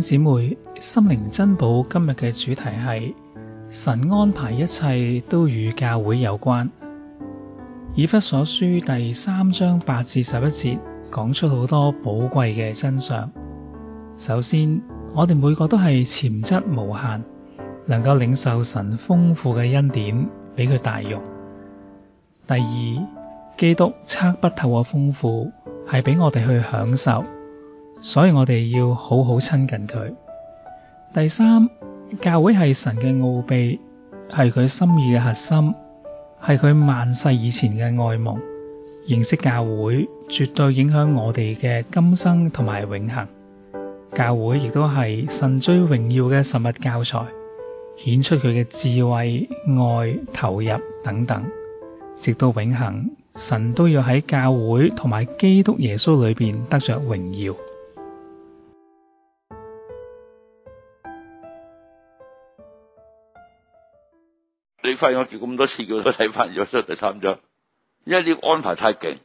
姐妹，心靈珍寶今日嘅主題係神安排一切都與教會有關。以弗所書第三章八至十一節講出好多寶貴嘅真相。首先，我哋每個都係潛質無限，能夠領受神豐富嘅恩典俾佢大用。第二，基督測不透嘅豐富係俾我哋去享受。所以我哋要好好親近佢。第三，教會係神嘅奧祕，係佢心意嘅核心，係佢萬世以前嘅愛夢。認識教會絕對影響我哋嘅今生同埋永恆。教會亦都係神最榮耀嘅實物教材，顯出佢嘅智慧、愛、投入等等。直到永恆，神都要喺教會同埋基督耶穌裏邊得着榮耀。我住咁多次，叫我都睇翻咗，所以第三章，因為呢個安排太勁。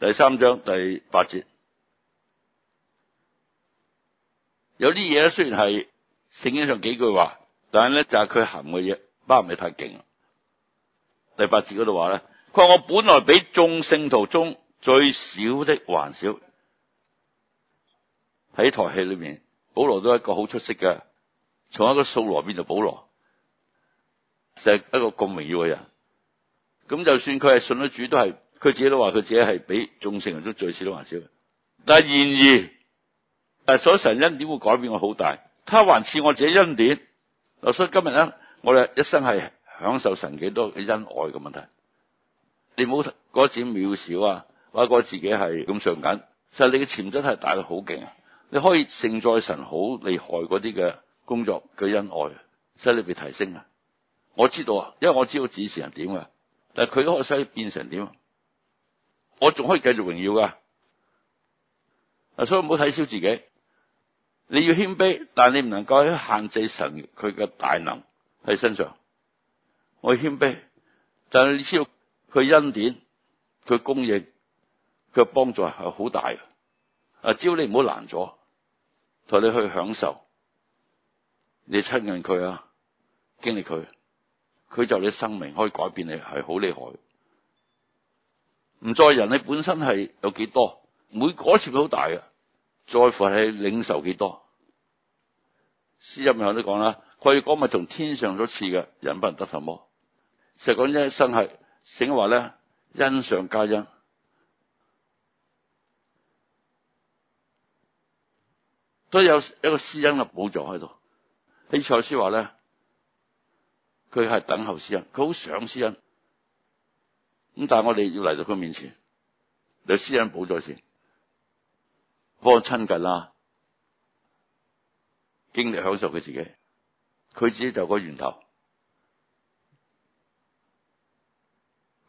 第三章第八節，有啲嘢咧，雖然係聖經上幾句話，但係咧，就係佢含嘅嘢，包唔係太勁。第八節嗰度話咧，佢話，我本來比眾聖徒中最小的還小。喺台戲裏面，保羅都係一個好出色嘅，從一個掃羅變做保羅。就係一個咁榮耀嘅人，咁就算佢係信得主都是，都係佢自己都話：佢自己係比眾聖人中最小都還小。但係然而，但所神恩典會改變我好大，他還賜我這恩典。所以今日呢，我哋一生係享受神幾多嘅恩愛嘅問題。你唔好嗰字渺小啊，或者自己係咁上緊。其實你嘅潛質係大到好勁啊！你可以勝在神好厲害嗰啲嘅工作嘅恩愛，使你被提升啊！我知道啊，因為我知道子時人點嘅，但係佢可以變成點，我仲可以繼續榮耀噶。啊，所以唔好睇小自己，你要謙卑，但係你唔能夠喺限制神，佢嘅大能喺身上。我要謙卑，但係你知道佢恩典、佢供應、佢幫助係好大嘅。啊，只要你唔好攔阻，同你去享受，你親近佢啊，經歷佢。佢就你生命可以改變你，係好厲害的。唔在人，你本身係有幾多，每果事都好大嘅。在乎係領受幾多。施恩咪向你講啦，佢講咪從天上所賜嘅，人不能得什麼。就講一生係，醒話咧，恩上加恩，所以有一個施恩嘅寶座喺度。喺蔡思話咧。佢係等候施恩，佢好想施恩，咁但係我哋要嚟到佢面前，令施恩寶座前，幫親近啦，經歷享受佢自己，佢自己就那個源頭，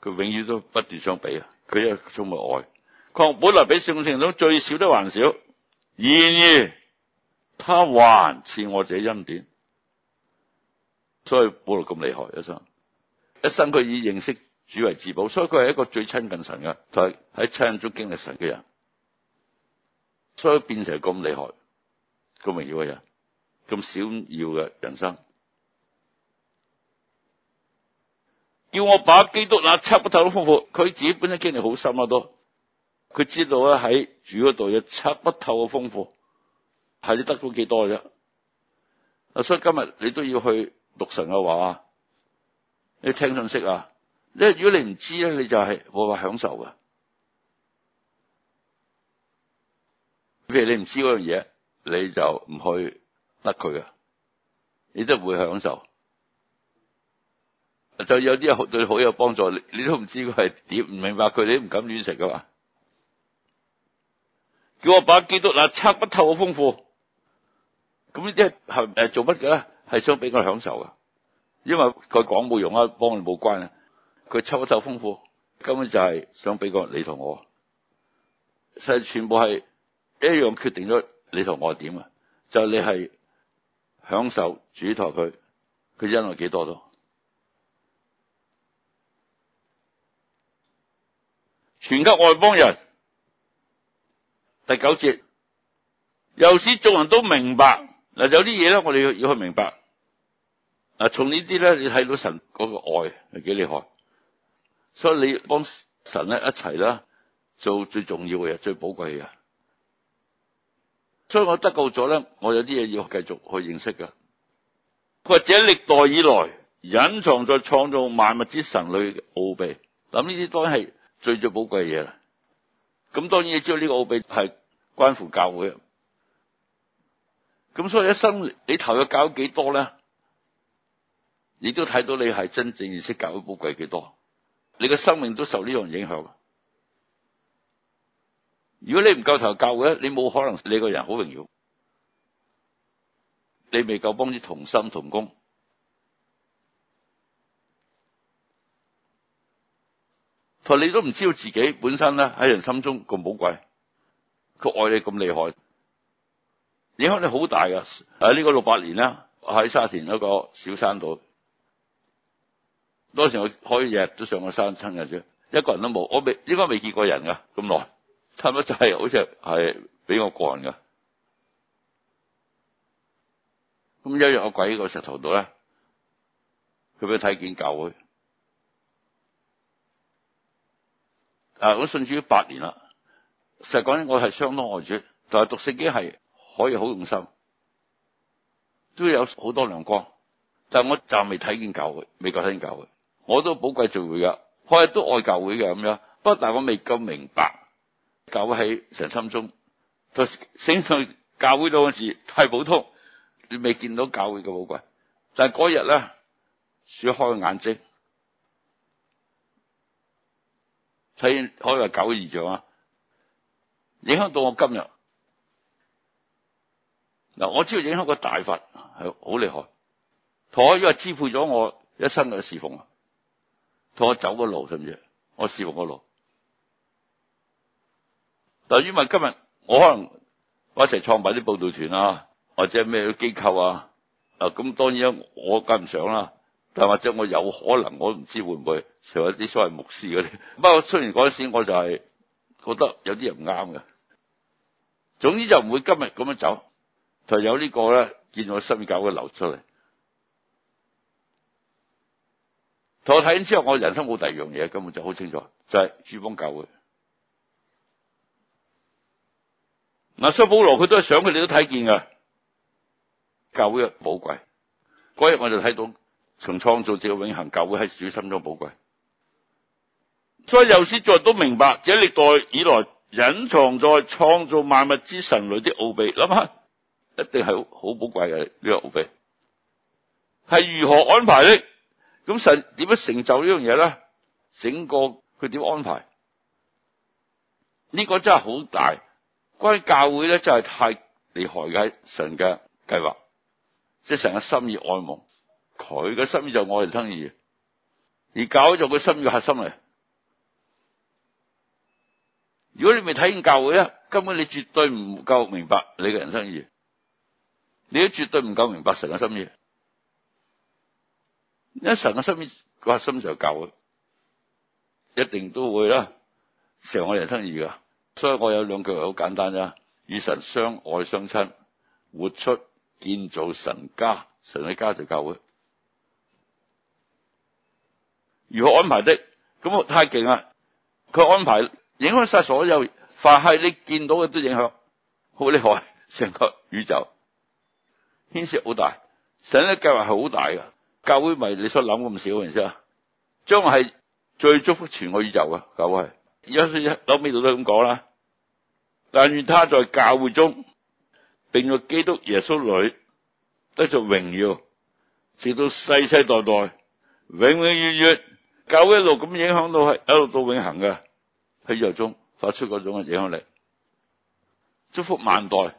佢永遠都不斷相比啊，佢一充滿愛。我本來比聖徒中最小都還小，然而他還賜我這恩典。所以保羅咁厲害一生，一生佢以認識主為至寶，所以佢係一個最親近神嘅，同喺親近中經歷神嘅人，所以變成咁厲害、咁榮耀嘅人、咁閃耀嘅人生。叫我把基督那測不透嘅豐富，佢自己本身經歷好深啊都佢知道咧喺主嗰度有測不透嘅豐富，係你得到幾多啫。所以今日你都要去。讀神嘅話，你聽信息啊！你如果你唔知咧，你就係冇法享受嘅。譬如你唔知嗰樣嘢，你就唔去甩佢啊。你都唔會享受。就有啲嘢對好有幫助，你你都唔知佢係點，唔明白佢，你唔敢亂食噶嘛？叫我把基督嗱測不透好豐富，咁呢啲係誒做乜嘅？係想俾個享受噶，因為佢講冇用啊，幫佢冇關啊。佢抽一抽豐富，根本就係想俾個你同我，所、就、以、是、全部係一樣決定咗你同我點啊。就是、你係享受主托佢，佢恩愛幾多多，全給外邦人。第九節，又使眾人都明白嗱，有啲嘢咧，我哋要要去明白。嗱，從呢啲咧，你睇到神嗰個愛係幾厲害，所以你幫神咧一齊啦，做最重要嘅嘢，最寶貴嘅嘢。所以我得救咗咧，我有啲嘢要繼續去認識噶，或者歷代以來隱藏在創造萬物之神裡的奧秘，咁呢啲都係最最寶貴嘅嘢啦。咁當然你知道呢個奧秘係關乎教會的。咁所以一生你投入教幾多咧？你都睇到你係真正認識教會寶貴幾多？你嘅生命都受呢樣影響。如果你唔夠頭教嘅，你冇可能你個人好榮耀。你未夠幫啲同心同工。同你都唔知道自己本身咧喺人心中咁寶貴，佢愛你咁厲害，影響你好大噶。喺、啊、呢、這個六八年啦，喺沙田嗰個小山度。當時我開日都上過山親嘅啫，一個人都冇，我未應該未見過人噶咁耐，差唔多就係好似係俾我個人噶。咁一日我跪喺個石頭度咧，佢俾我睇見教會。啊，我信主八年啦，實際講咧，我係相當愛主，但係讀聖經係可以好用心，都有好多亮光，但係我暫未睇見教會，未夠睇見教會。我都寶貴聚會噶，開、那個、日都愛教會嘅咁樣。不過但係我未夠明白教會喺神心中，就醒教會到嘅事太普通，你未見到教會嘅寶貴。但係嗰日咧，閃開眼睛睇，可以話九二象啊！影響到我今日嗱，我知道影響個大佛係好厲害，我因為支配咗我一生嘅侍奉啊！同我走個路，甚至我侍奉個路。但因為今日我可能我一齊創辦啲報道團啊，或者咩啲機構啊，啊咁當然我跟唔上啦。但或者我有可能，我唔知會唔會，成為一啲所謂牧師嗰啲。不過雖然嗰陣時我就係覺得有啲人唔啱嘅，總之就唔會今日咁樣走，就有個呢個咧，見我心教嘅流出嚟。我睇完之後，我人生冇第二樣嘢，根本就好清楚，就係主幫教會。嗱，所以保羅佢都係想佢哋都睇見噶教會嘅寶貴。嗰日我就睇到從創造至永恒，教會喺主心中寶貴。所以又使眾人都明白，這歷代以來隱藏在創造萬物之神裡啲奧祕，諗下一定係好寶貴嘅呢個奧祕，係如何安排呢？咁神點樣成就呢樣嘢咧？整個佢點安排？呢、這個真係好大，關於教會咧，真係太厲害嘅神嘅計劃，即係神嘅心意愛、愛慕。佢嘅心意就愛人生意，而教會就佢心意核心嚟。如果你未睇見教會咧，根本你絕對唔夠明白你嘅人生意，你都絕對唔夠明白神嘅心意。因為神嘅心邊發就教會，一定都會啦，成個人生意噶，所以我有兩句好簡單啫，與神相愛相親，活出建造神家，神嘅家就教會。如何安排的？咁我太勁啦！佢安排影響晒所有，凡係你見到嘅都影響，好厲害，成個宇宙牽涉好大，神嘅計劃係好大噶。教會咪你所諗咁少，原先啊，將係最祝福全個宇宙嘅教會係，有聖經尾度都咁講啦。但願他在教會中，並在基督耶穌裡得着榮耀，直到世世代代、永永遠遠，教會一路咁影響到係一路到永恆嘅喺宇宙中發出嗰種嘅影響力，祝福萬代，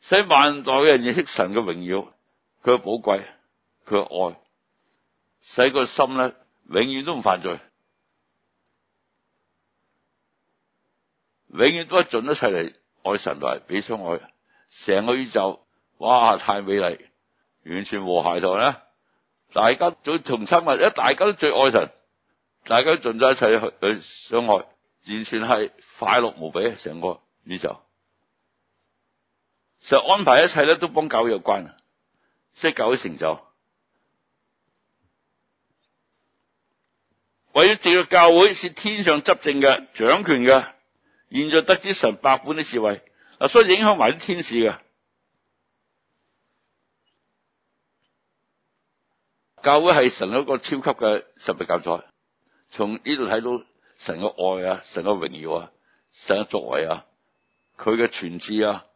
使萬代嘅人認識神嘅榮耀，佢嘅寶貴。佢愛，使個心咧，永遠都唔犯罪，永遠都盡咗一切嚟愛神同埋彼此愛，成個宇宙，哇！太美麗，完全和諧到呢，大家最同親密，大家都最愛神，大家都盡咗一切去去相愛，完全係快樂無比，成個宇宙。其實安排一切咧都幫教會有關，即係教會成就。為咗藉著教會是天上執政嘅掌權嘅，現在得知神百般嘅智慧，嗱，所以影響埋啲天使嘅。教會係神的一個超級嘅神祕教材，從呢度睇到神嘅愛啊，神嘅榮耀啊，神嘅作為啊，佢嘅權智啊，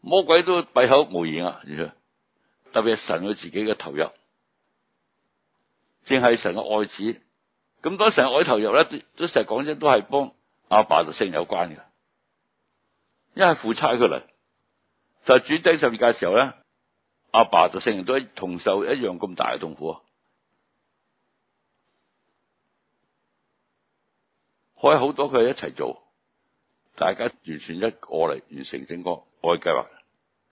魔鬼都閉口無言啊。特別係神佢自己嘅投入，正係神嘅愛子。咁多成日我投入咧，都成日講真，都係幫阿爸度性有關嘅，一係父差佢嚟，就主低十二屆嘅時候咧，阿爸度聖都同受一樣咁大嘅痛苦，可以好多佢一齊做，大家完全一個嚟完成整個愛計劃，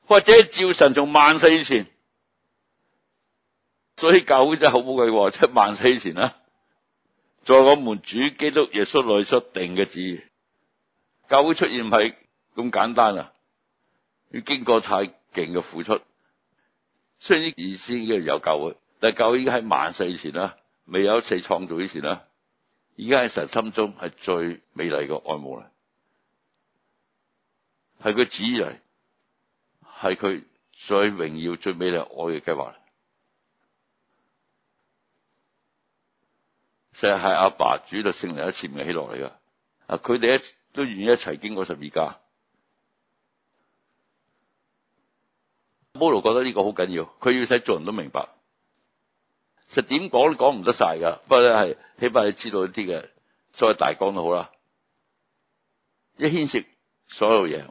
或者照神從萬世以前，所以教會真係好寶貴、哦，即係萬世以前啦。在我們主基督耶穌內所定嘅旨意，教會出現唔係咁簡單啊，要經過太勁嘅付出。雖然以前已經有教會，但教會已經喺萬世以前啦，未有一次創造以前啦，而家喺神心中係最美麗嘅愛慕啦，係佢旨意，係佢最榮耀最美麗愛嘅計劃。就係阿爸，爸主就勝嚟一次嘅起落嚟噶，啊佢哋一都願意一齊經過十二家。保羅覺得呢個好緊要，佢要使眾人都明白，其實點講都講唔得晒㗎。不過咧係，起碼你知道一啲嘅，所謂大綱都好啦，一牽涉所有嘢。